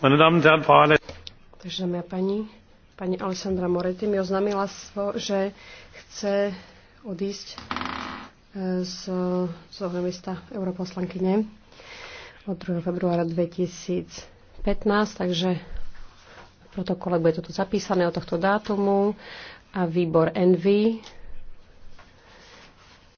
Takže dámy a pani, pani Alessandra Moretti mi oznámila, že chce odísť e, z, z mesta europoslankyne od 2. februára 2015, takže v protokole bude toto zapísané od tohto dátumu a výbor Envy